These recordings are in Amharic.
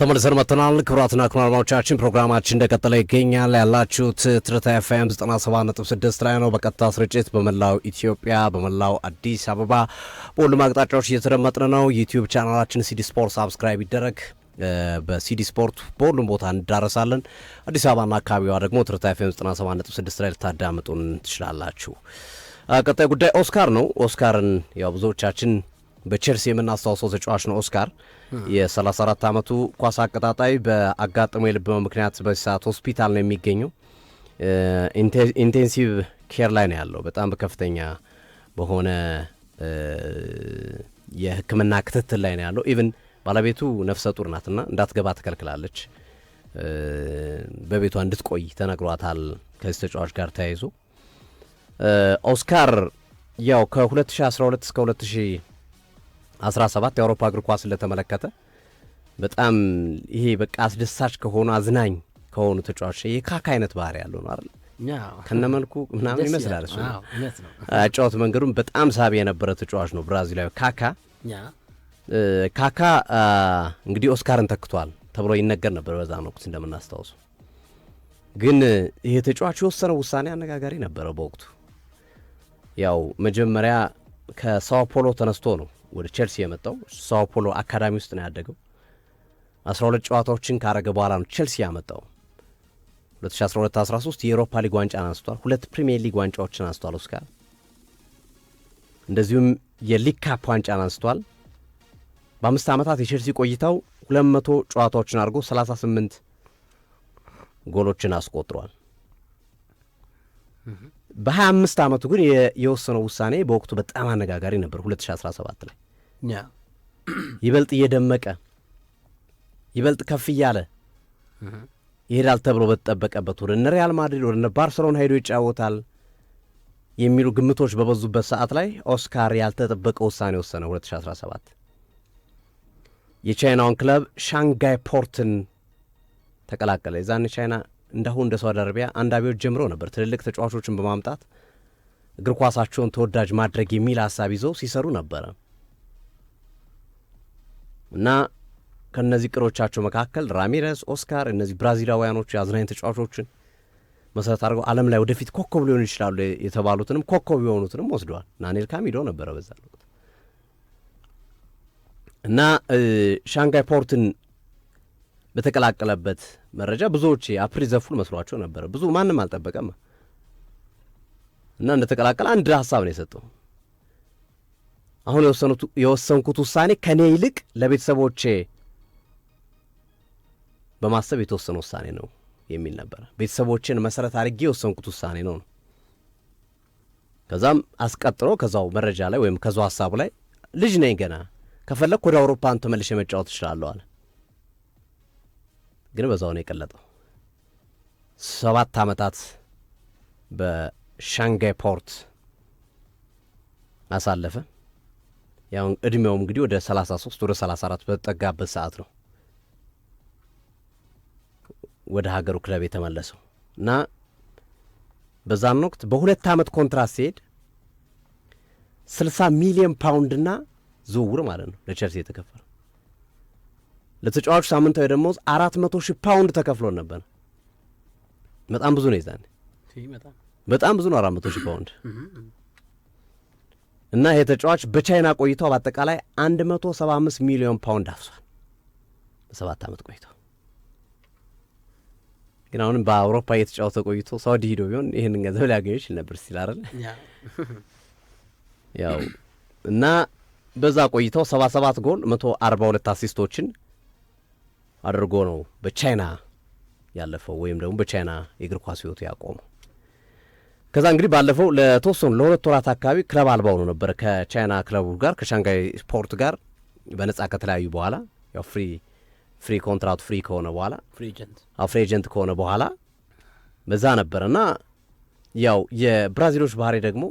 ተመልሰን መጥተናል። ክቡራትና ክቡራን አድማጮቻችን ፕሮግራማችን እንደቀጠለ ይገኛል። ያላችሁት ትርታ ኤፍኤም 97.6 ላይ ነው። በቀጥታ ስርጭት በመላው ኢትዮጵያ፣ በመላው አዲስ አበባ በሁሉም አቅጣጫዎች እየተደመጥን ነው። ዩቲዩብ ቻናላችን ሲዲ ስፖርት ሳብስክራይብ ይደረግ። በሲዲ ስፖርት በሁሉም ቦታ እንዳረሳለን። አዲስ አበባና አካባቢዋ ደግሞ ትርታ ኤፍኤም 97.6 ላይ ልታዳምጡን ትችላላችሁ። ቀጣይ ጉዳይ ኦስካር ነው። ኦስካርን ያው ብዙዎቻችን በቼልሲ የምናስታውሰው ተጫዋች ነው። ኦስካር የ34 ዓመቱ ኳስ አቀጣጣይ በአጋጠመው የልብ ምክንያት በዚህ ሰዓት ሆስፒታል ነው የሚገኘው። ኢንቴንሲቭ ኬር ላይ ነው ያለው። በጣም በከፍተኛ በሆነ የሕክምና ክትትል ላይ ነው ያለው። ኢቭን ባለቤቱ ነፍሰ ጡር ናትና እንዳትገባ ትከልክላለች። በቤቷ እንድትቆይ ተነግሯታል። ከዚህ ተጫዋች ጋር ተያይዞ ኦስካር ያው ከ2012 እስከ 17 የአውሮፓ እግር ኳስ ለተመለከተ በጣም ይሄ በቃ አስደሳች ከሆኑ አዝናኝ ከሆኑ ተጫዋቾች የካካ አይነት ባህሪ ያለው ነው አይደል? ከነመልኩ ምናምን ይመስላል እሱ አጫወት መንገዱም በጣም ሳቢ የነበረ ተጫዋች ነው ብራዚላዊ ካካ። ካካ እንግዲህ ኦስካርን ተክቷል ተብሎ ይነገር ነበር በዛን ወቅት እንደምናስታውሱ። ግን ይሄ ተጫዋች የወሰነው ውሳኔ አነጋጋሪ ነበረ በወቅቱ ያው መጀመሪያ ከሳው ፖሎ ተነስቶ ነው ወደ ቸልሲ የመጣው ሳኦ ፖሎ አካዳሚ ውስጥ ነው ያደገው። 12 ጨዋታዎችን ካረገ በኋላ ነው ቸልሲ ያመጣው። 2012-13 የኤሮፓ ሊግ ዋንጫን አንስቷል። ሁለት ፕሪሚየር ሊግ ዋንጫዎችን አንስቷል። ኦስካር እንደዚሁም የሊግ ካፕ ዋንጫን አንስቷል። በአምስት ዓመታት የቸልሲ ቆይታው 200 ጨዋታዎችን አድርጎ 38 ጎሎችን አስቆጥሯል። በሀያ አምስት ዓመቱ ግን የወሰነው ውሳኔ በወቅቱ በጣም አነጋጋሪ ነበር። 2017 ላይ ይበልጥ እየደመቀ ይበልጥ ከፍ እያለ ይሄዳል ተብሎ በተጠበቀበት ወደ እነ ሪያል ማድሪድ ወደ እነ ባርሰሎና ሄዶ ይጫወታል የሚሉ ግምቶች በበዙበት ሰዓት ላይ ኦስካር ያልተጠበቀ ውሳኔ ወሰነ። 2017 የቻይናውን ክለብ ሻንጋይ ፖርትን ተቀላቀለ። የዛን ቻይና እንዳሁን እንደ ሳውዲ አረቢያ አንዳቢዎች ጀምሮ ነበር ትልልቅ ተጫዋቾችን በማምጣት እግር ኳሳቸውን ተወዳጅ ማድረግ የሚል ሀሳብ ይዘው ሲሰሩ ነበረ እና ከእነዚህ ቅሮቻቸው መካከል ራሚረስ፣ ኦስካር እነዚህ ብራዚላውያኖች የአዝናኝ ተጫዋቾችን መሰረት አድርገው ዓለም ላይ ወደፊት ኮከብ ሊሆኑ ይችላሉ የተባሉትንም ኮከብ የሆኑትንም ወስደዋል። ናኔል ካሚዶ ነበረ በዛ እና ሻንጋይ ፖርትን በተቀላቀለበት መረጃ ብዙዎች አፕሪ ዘፉል መስሏቸው ነበረ። ብዙ ማንም አልጠበቀም እና እንደተቀላቀለ አንድ ሀሳብ ነው የሰጠው። አሁን የወሰንኩት ውሳኔ ከእኔ ይልቅ ለቤተሰቦቼ በማሰብ የተወሰነ ውሳኔ ነው የሚል ነበረ። ቤተሰቦችን መሰረት አድርጌ የወሰንኩት ውሳኔ ነው ነው። ከዛም አስቀጥሎ ከዛው መረጃ ላይ ወይም ከዛው ሀሳቡ ላይ ልጅ ነኝ ገና ከፈለግ ወደ አውሮፓን ተመልሼ መጫወት እችላለሁ አለ። ግን በዛው ነው የቀለጠው። ሰባት ዓመታት በሻንጋይ ፖርት አሳለፈ። ያው እድሜውም እንግዲህ ወደ 33 ወደ 34 በተጠጋበት ሰዓት ነው ወደ ሀገሩ ክለብ የተመለሰው እና በዛን ወቅት በሁለት ዓመት ኮንትራት ሲሄድ 60 ሚሊዮን ፓውንድና ዝውውር ማለት ነው ለቸልሲ የተከፈለው ለተጫዋቹ ሳምንታዊ ደሞዝ አራት መቶ ሺህ ፓውንድ ተከፍሎን ነበር። በጣም ብዙ ነው ይዛኔ በጣም ብዙ ነው አራት መቶ ሺህ ፓውንድ እና ይሄ ተጫዋች በቻይና ቆይታው በአጠቃላይ አንድ መቶ ሰባ አምስት ሚሊዮን ፓውንድ አፍሷል። በሰባት ዓመት ቆይታው ግን አሁንም በአውሮፓ እየተጫወተ ቆይቶ ሳውዲ ሂዶ ቢሆን ይህንን ገንዘብ ሊያገኝ ይችል ነበር ሲል አይደል ያው እና በዛ ቆይተው ሰባ ሰባት ጎል መቶ አርባ ሁለት አሲስቶችን አድርጎ ነው በቻይና ያለፈው ወይም ደግሞ በቻይና የእግር ኳስ ህይወቱ ያቆመው። ከዛ እንግዲህ ባለፈው ለተወሰኑ ለሁለት ወራት አካባቢ ክለብ አልባው ነው ነበረ ከቻይና ክለቡ ጋር ከሻንጋይ ስፖርት ጋር በነጻ ከተለያዩ በኋላ ያው ፍሪ ፍሪ ኮንትራት ፍሪ ከሆነ በኋላ ፍሪ ኤጀንት ከሆነ በኋላ በዛ ነበር እና ያው የብራዚሎች ባህሪ ደግሞ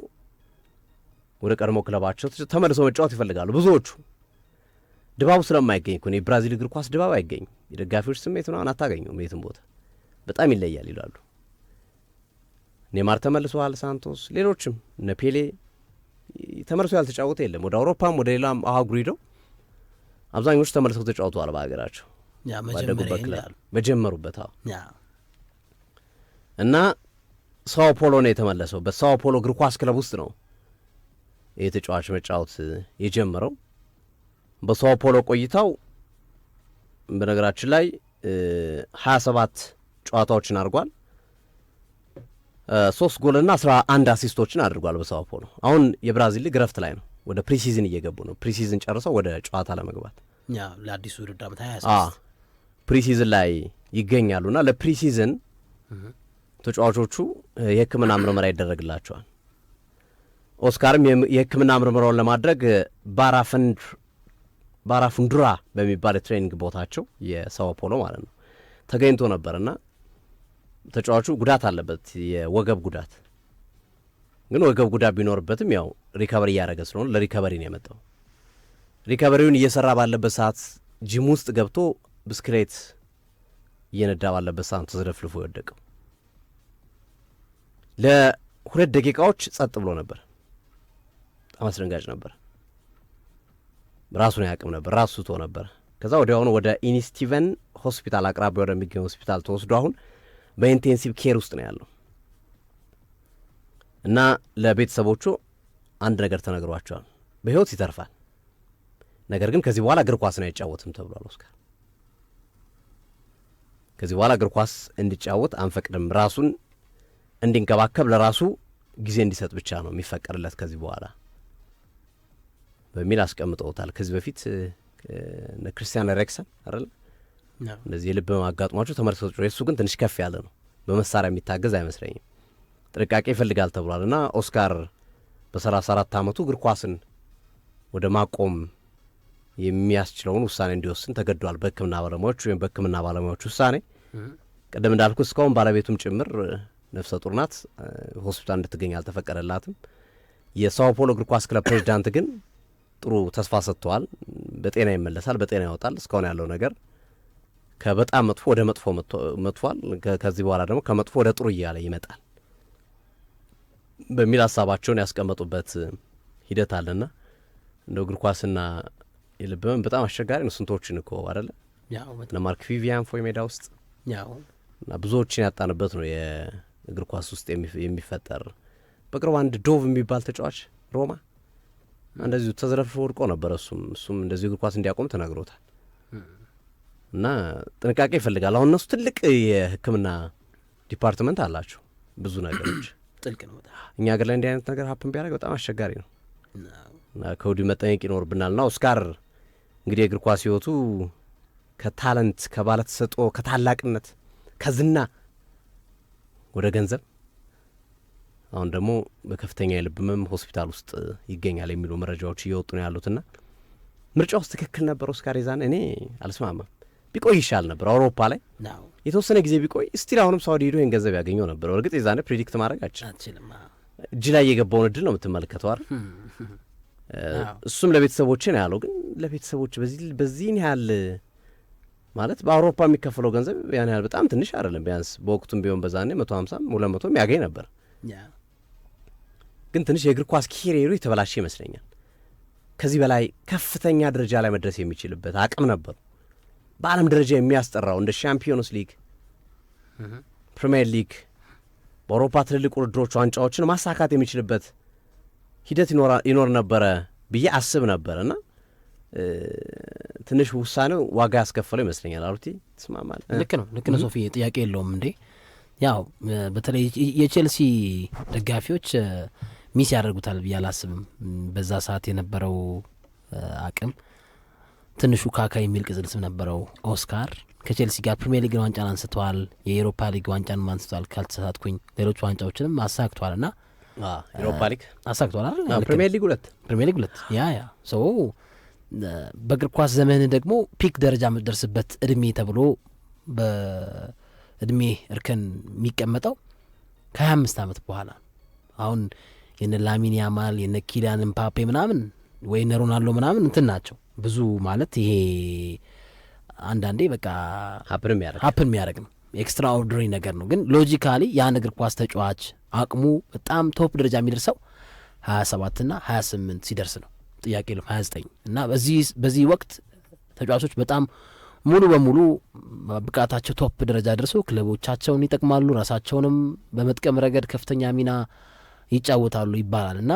ወደ ቀድሞ ክለባቸው ተመልሶ መጫወት ይፈልጋሉ ብዙዎቹ ድባቡ ስለማይገኝ እኮ የብራዚል እግር ኳስ ድባብ አይገኝም። የደጋፊዎች ስሜት ምናምን አታገኘውም የትም ቦታ በጣም ይለያል ይላሉ። ኔማር ተመልሷል፣ ሳንቶስ፣ ሌሎችም እነ ፔሌ ተመልሶ ያልተጫወተ የለም። ወደ አውሮፓም ወደ ሌላም አህጉር ሂደው አብዛኞቹ ተመልሰው ተጫውተዋል በሀገራቸው ባደጉበት መጀመሩበት። አዎ እና ሳኦ ፖሎ ነው የተመለሰው። በሳኦ ፖሎ እግር ኳስ ክለብ ውስጥ ነው ይህ ተጫዋች መጫወት የጀመረው። በሳኦ ፖሎ ቆይታው በነገራችን ላይ 27 ጨዋታዎችን አድርጓል። ሶስት ጎልና 11 አሲስቶችን አድርጓል በሳኦ ፖሎ። አሁን የብራዚል ሊግ ረፍት ላይ ነው። ወደ ፕሪሲዝን እየገቡ ነው። ፕሪሲዝን ጨርሰው ወደ ጨዋታ ለመግባት ለአዲሱ ውድድር ዓመት ፕሪሲዝን ላይ ይገኛሉና ለፕሪሲዝን ተጫዋቾቹ የሕክምና ምርመራ ይደረግላቸዋል። ኦስካርም የሕክምና ምርመራውን ለማድረግ ባራፈንድ ባራፉንዱራ በሚባል የትሬኒንግ ቦታቸው የሳኦ ፖሎ ማለት ነው ተገኝቶ ነበርና ተጫዋቹ ጉዳት አለበት፣ የወገብ ጉዳት ግን ወገብ ጉዳት ቢኖርበትም ያው ሪከቨሪ እያደረገ ስለሆነ ለሪከቨሪ ነው የመጣው። ሪከቨሪውን እየሰራ ባለበት ሰዓት ጂም ውስጥ ገብቶ ብስክሌት እየነዳ ባለበት ሰዓት ተዘለፍልፎ የወደቀው። ለሁለት ደቂቃዎች ጸጥ ብሎ ነበር። በጣም አስደንጋጭ ነበር። ራሱን ያቅም ነበር፣ ራሱ ስቶ ነበር። ከዛ ወዲያውኑ ወደ ኢንስቲቨን ሆስፒታል አቅራቢያ ወደሚገኝ ሆስፒታል ተወስዶ አሁን በኢንቴንሲቭ ኬር ውስጥ ነው ያለው እና ለቤተሰቦቹ አንድ ነገር ተነግሯቸዋል። በህይወት ይተርፋል፣ ነገር ግን ከዚህ በኋላ እግር ኳስን አይጫወትም ተብሏል። ኦስካር ከዚህ በኋላ እግር ኳስ እንዲጫወት አንፈቅድም፣ ራሱን እንዲንከባከብ ለራሱ ጊዜ እንዲሰጥ ብቻ ነው የሚፈቀድለት ከዚህ በኋላ በሚል አስቀምጠውታል። ከዚህ በፊት ክርስቲያን ሬክሰን አይደለ እንደዚህ የልብ አጋጥሟቸው ተመልክቶ እሱ ግን ትንሽ ከፍ ያለ ነው። በመሳሪያ የሚታገዝ አይመስለኝም። ጥንቃቄ ይፈልጋል ተብሏል እና ኦስካር በሰላሳ አራት አመቱ እግር ኳስን ወደ ማቆም የሚያስችለውን ውሳኔ እንዲወስን ተገዷል። በህክምና ባለሙያዎች ወይም በህክምና ባለሙያዎች ውሳኔ ቅድም እንዳልኩ እስካሁን ባለቤቱም ጭምር ነፍሰ ጡር ናት። ሆስፒታል እንድትገኝ አልተፈቀደላትም። የሳው ፖሎ እግር ኳስ ክለብ ፕሬዚዳንት ግን ጥሩ ተስፋ ሰጥተዋል። በጤና ይመለሳል፣ በጤና ይወጣል እስካሁን ያለው ነገር ከበጣም መጥፎ ወደ መጥፎ መጥቷል። ከዚህ በኋላ ደግሞ ከመጥፎ ወደ ጥሩ እያለ ይመጣል በሚል ሀሳባቸውን ያስቀመጡበት ሂደት አለና እንደ እግር ኳስና የልብመን በጣም አስቸጋሪ ነው። ስንቶችን እኮ አደለ ለማርክ ቪቪያን ፎይ ሜዳ ውስጥ እና ብዙዎችን ያጣንበት ነው የእግር ኳስ ውስጥ የሚፈጠር በቅርቡ አንድ ዶቭ የሚባል ተጫዋች ሮማ እንደዚሁ ተዝረፍርፎ ወድቆ ነበረ እሱም እሱም እንደዚሁ እግር ኳስ እንዲያቆም ተነግሮታል። እና ጥንቃቄ ይፈልጋል። አሁን እነሱ ትልቅ የሕክምና ዲፓርትመንት አላቸው። ብዙ ነገሮች ጥልቅ ነው። እኛ ሀገር ላይ እንዲህ አይነት ነገር ሀፕን ቢያደርግ በጣም አስቸጋሪ ነው እና ከወዲሁ መጠየቅ ይኖርብናል። ና ኦስካር እንግዲህ የእግር ኳስ ህይወቱ ከታለንት ከባለተሰጦ ከታላቅነት ከዝና ወደ ገንዘብ አሁን ደግሞ በከፍተኛ የልብ ህመም ሆስፒታል ውስጥ ይገኛል የሚሉ መረጃዎች እየወጡ ነው ያሉትና ምርጫ ውስጥ ትክክል ነበር ኦስካር የዛን እኔ አልስማማም። ቢቆይ ይሻል ነበር አውሮፓ ላይ የተወሰነ ጊዜ ቢቆይ ስቲል አሁንም ሳውዲ ሄዶ ይህን ገንዘብ ያገኘው ነበር። እርግጥ የዛኔ ፕሬዲክት ማድረግ አችልም። እጅ ላይ የገባውን እድል ነው የምትመለከተው አይደል? እሱም ለቤተሰቦች ነው ያለው። ግን ለቤተሰቦች በዚህን ያህል ማለት በአውሮፓ የሚከፈለው ገንዘብ ያን ያህል በጣም ትንሽ አይደለም። ቢያንስ በወቅቱም ቢሆን በዛኔ መቶ ሀምሳም ሁለት መቶም ያገኝ ነበር። ግን ትንሽ የእግር ኳስ ኬሪሩ የተበላሸ ይመስለኛል። ከዚህ በላይ ከፍተኛ ደረጃ ላይ መድረስ የሚችልበት አቅም ነበሩ። በዓለም ደረጃ የሚያስጠራው እንደ ሻምፒዮንስ ሊግ፣ ፕሪምየር ሊግ፣ በአውሮፓ ትልልቅ ውድድሮች ዋንጫዎችን ማሳካት የሚችልበት ሂደት ይኖር ነበረ ብዬ አስብ ነበር እና ትንሽ ውሳኔው ዋጋ ያስከፈለው ይመስለኛል። አሩቲ ትስማማለህ? ልክ ነው፣ ልክ ነው ሶፊ፣ ጥያቄ የለውም። እንዴ ያው በተለይ የቼልሲ ደጋፊዎች ሚስ ያደርጉታል ብዬ አላስብም። በዛ ሰዓት የነበረው አቅም ትንሹ ካካ የሚል ቅጽል ስም ነበረው። ኦስካር ከቼልሲ ጋር ፕሪሚየር ሊግን ዋንጫን አንስተዋል። የኤሮፓ ሊግ ዋንጫን አንስተዋል ካልተሳሳትኩኝ። ሌሎች ዋንጫዎችንም አሳክተዋል። ና ኤሮፓ ሊግ አይደል? ፕሪሚየር ሊግ ሁለት ፕሪሚየር ሊግ ሁለት ያ ያ ሰው በእግር ኳስ ዘመን ደግሞ ፒክ ደረጃ የምትደርስበት እድሜ ተብሎ በእድሜ እርከን የሚቀመጠው ከ አምስት ዓመት በኋላ አሁን የነ ላሚን ያማል የነ ኪሊያን ምፓፔ ምናምን ወይ ነ ሮናልዶ ምናምን እንትን ናቸው ብዙ ማለት ይሄ አንዳንዴ በቃ ሀፕን የሚያደርግ ነው። ኤክስትራ ኦርዲነሪ ነገር ነው። ግን ሎጂካሊ ያን እግር ኳስ ተጫዋች አቅሙ በጣም ቶፕ ደረጃ የሚደርሰው ሀያ ና ሀያ ስምንት ሲደርስ ነው ጥያቄ ለም ሀያ ዘጠኝ እና በዚህ ወቅት ተጫዋቾች በጣም ሙሉ በሙሉ ብቃታቸው ቶፕ ደረጃ ደርሶ ክለቦቻቸውን ይጠቅማሉ። ራሳቸውንም በመጥቀም ረገድ ከፍተኛ ሚና ይጫወታሉ ይባላል እና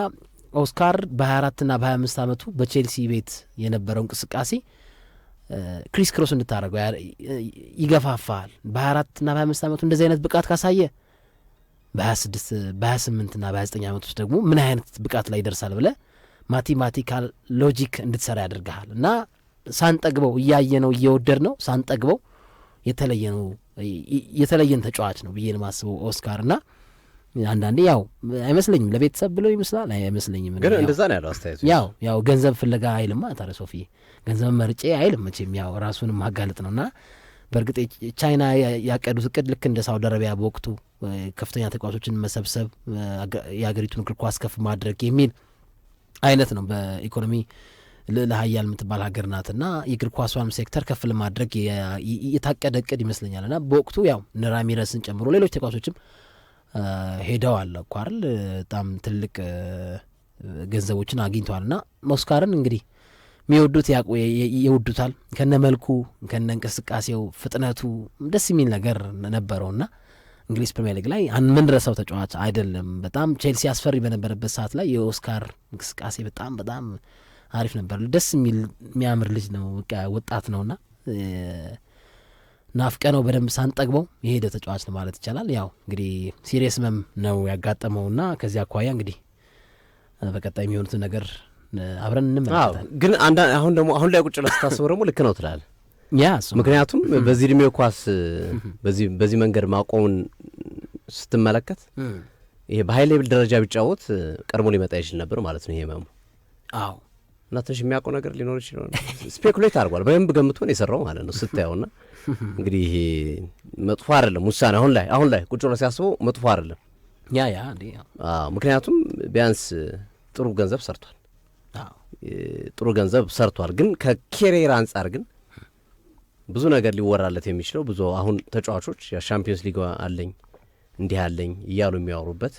ኦስካር በ24ና በ25 ዓመቱ በቼልሲ ቤት የነበረው እንቅስቃሴ ክሪስ ክሮስ እንድታደርገው ይገፋፋል። በ24ና በ25 ዓመቱ እንደዚህ አይነት ብቃት ካሳየ በ26 በ28ና በ29 ዓመት ውስጥ ደግሞ ምን አይነት ብቃት ላይ ይደርሳል ብለ ማቴማቲካል ሎጂክ እንድትሰራ ያደርግሃል እና ሳንጠግበው እያየ ነው እየወደድ ነው ሳንጠግበው የተለየ ነው የተለየን ተጫዋች ነው ብዬ ነው የማስበው ኦስካር እና አንዳንዴ ያው አይመስለኝም ለቤተሰብ ብለው ይመስላል አይመስለኝም፣ ግን እንደዛ ነው ያለው አስተያየቱ። ያው ያው ገንዘብ ፍለጋ አይልማ ታዲያ ሶፊ ገንዘብ መርጬ አይልም መቼም ያው ራሱን ማጋለጥ ነው እና በእርግጥ ቻይና ያቀዱት እቅድ ልክ እንደ ሳውዲ አረቢያ በወቅቱ ከፍተኛ ተጫዋቾችን መሰብሰብ፣ የሀገሪቱን እግር ኳስ ከፍ ማድረግ የሚል አይነት ነው። በኢኮኖሚ ልዕለ ሀያል የምትባል ሀገር ናት እና የእግር ኳሷንም ሴክተር ከፍ ለማድረግ የታቀደ እቅድ ይመስለኛል እና በወቅቱ ያው እነ ራሚረስን ጨምሮ ሌሎች ተጫዋቾችም ሄደዋል እኮ አይደል? በጣም ትልቅ ገንዘቦችን አግኝተዋል። እና ኦስካርን እንግዲህ የሚወዱት ይወዱታል። ከነ መልኩ ከነ እንቅስቃሴው ፍጥነቱ ደስ የሚል ነገር ነበረውና እንግሊዝ ፕሪሚየር ሊግ ላይ የምንረሳው ተጫዋች አይደለም። በጣም ቼልሲ አስፈሪ በነበረበት ሰዓት ላይ የኦስካር እንቅስቃሴ በጣም በጣም አሪፍ ነበር። ደስ የሚል የሚያምር ልጅ ነው፣ ወጣት ነውና ናፍቀ ነው በደንብ ሳንጠግበው የሄደ ተጫዋች ነው ማለት ይቻላል። ያው እንግዲህ ሲሪየስ መም ነው ያጋጠመው ና ከዚህ አኳያ እንግዲህ በቀጣይ የሚሆኑትን ነገር አብረን እንመለከታለን። ግን አሁን ደግሞ አሁን ላይ ቁጭ ብለህ ስታስበው ደግሞ ልክ ነው ትላል። ምክንያቱም በዚህ እድሜው ኳስ በዚህ መንገድ ማቆሙን ስትመለከት ይሄ በሀይ ሌብል ደረጃ ቢጫወት ቀድሞ ሊመጣ ይችል ነበር ማለት ነው ይሄ መሙ። አዎ እና ትንሽ የሚያውቀው ነገር ሊኖር ይችላል። ስፔኩሌት አድርጓል በደንብ ገምቶ የሰራው ማለት ነው ስታየውና እንግዲህ ይሄ መጥፎ አይደለም ውሳኔ። አሁን ላይ አሁን ላይ ቁጭ ብሎ ሲያስበው መጥፎ አይደለም። ያ ያ ምክንያቱም ቢያንስ ጥሩ ገንዘብ ሰርቷል፣ ጥሩ ገንዘብ ሰርቷል። ግን ከኬሬር አንጻር ግን ብዙ ነገር ሊወራለት የሚችለው ብዙ አሁን ተጫዋቾች ሻምፒዮንስ ሊግ አለኝ እንዲህ አለኝ እያሉ የሚያወሩበት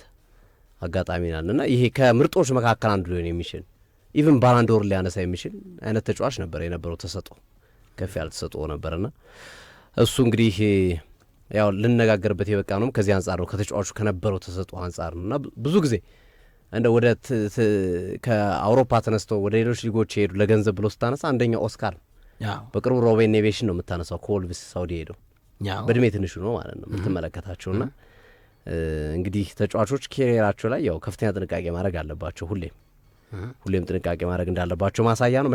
አጋጣሚ ናል እና ይሄ ከምርጦች መካከል አንዱ ሊሆን የሚችል ኢቨን ባላንዶር ሊያነሳ የሚችል አይነት ተጫዋች ነበር የነበረው ተሰጦ ከፍ ያለ ተሰጥኦ ነበርና እሱ እንግዲህ ያው ልነጋገርበት የበቃ ነው። ከዚህ አንጻር ነው ከተጫዋቹ ከነበረው ተሰጦ አንጻር ነው እና ብዙ ጊዜ እንደ ወደ ከአውሮፓ ተነስቶ ወደ ሌሎች ሊጎች የሄዱ ለገንዘብ ብሎ ስታነሳ አንደኛው ኦስካር በቅርቡ ሮቤን ኔቬሽን ነው የምታነሳው ከወልቭስ ሳውዲ ሄደው በእድሜ ትንሹ ነው ማለት ነው ና እንግዲህ ተጫዋቾች ኬሪራቸው ላይ ያው ከፍተኛ ጥንቃቄ ማድረግ አለባቸው ሁሌም ሁሌም ጥንቃቄ ማድረግ እንዳለባቸው ማሳያ ነው።